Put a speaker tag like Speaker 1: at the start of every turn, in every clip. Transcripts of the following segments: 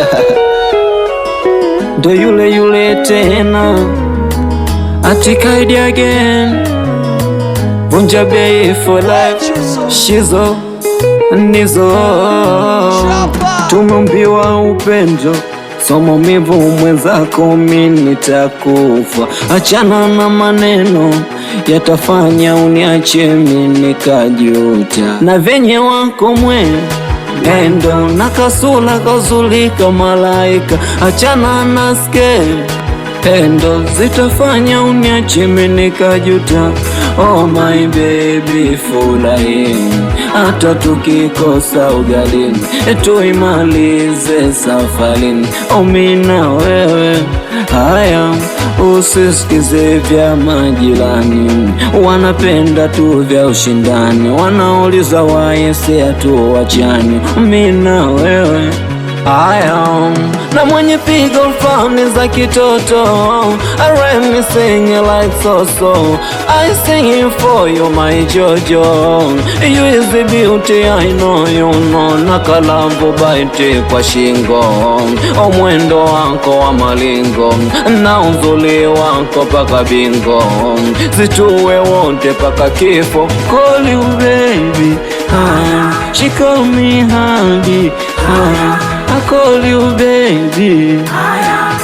Speaker 1: ndo yule yule tena, ati again, vunja bei for life, shizo nizo, tumeumbiwa upendo somo mivu mwenzako, mimi nitakufa. Achana na maneno yatafanya uniache mi nikajuta, na venye wako mwe pendo na kasula kauzulika malaika, achana na skendo, pendo zitafanya uniache nikajuta Oh my baby, furahini hata tukikosa ugalini, tuimalize safarini. Oh na wewe, haya usisikize vya majirani, wanapenda tu vya ushindani, wanauliza waese, si hatuachani. Oh, na wewe na mwenye pigo fani za kitoto I'm sing like so so I sing for you my Jojo You is the beauty I know you know na kalambu baiti kwa shingo omwendo wako wa malingo na uzuli wako paka bingo zituwe wote paka kifo call you baby haya ah, shika mi call you baby.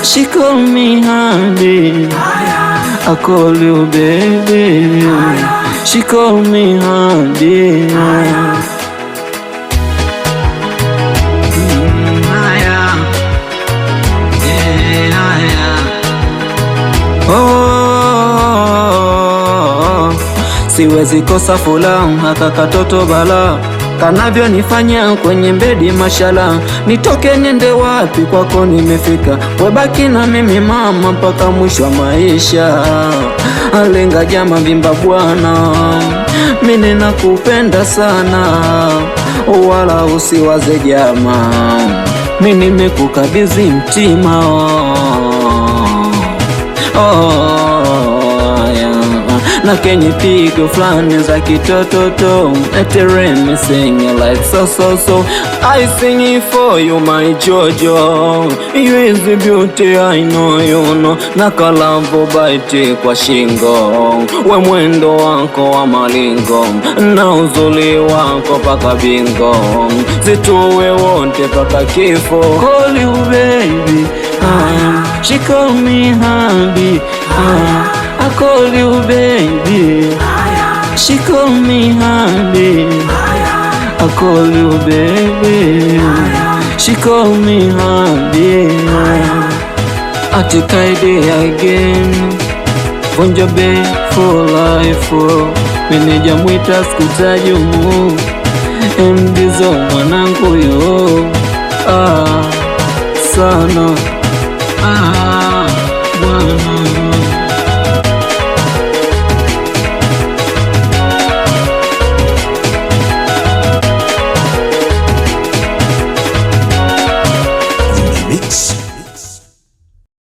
Speaker 1: She call me honey. I call you baby. She call me honey. Siwezi kosa fulamu haka katoto bala kanavyonifanya kwenye mbedi mashala, nitoke nende wapi? Kwako nimefika, webaki na mimi mama mpaka mwisho wa maisha. Alenga jama vimba bwana, mimi nakupenda sana, wala usiwaze jama, mimi nimekukabidhi mtima oh. oh na kenye pigo fulani za kitototo Etereme singing like so so so I sing it for you my Jojo You is the beauty I know you know na kalambo baiti kwa shingo we mwendo wako wa malingo na uzuli wako paka bingo zituwe wote paka kifo Call you baby ah, she call me hubby ah. I call you baby. She call me honey. I call you baby. She call me honey. Atikaide again. Vonjo be for life. Meneja mwita sikutaji umu. Mdizo mwanangu yo. Ah, sana. Ah, bwana.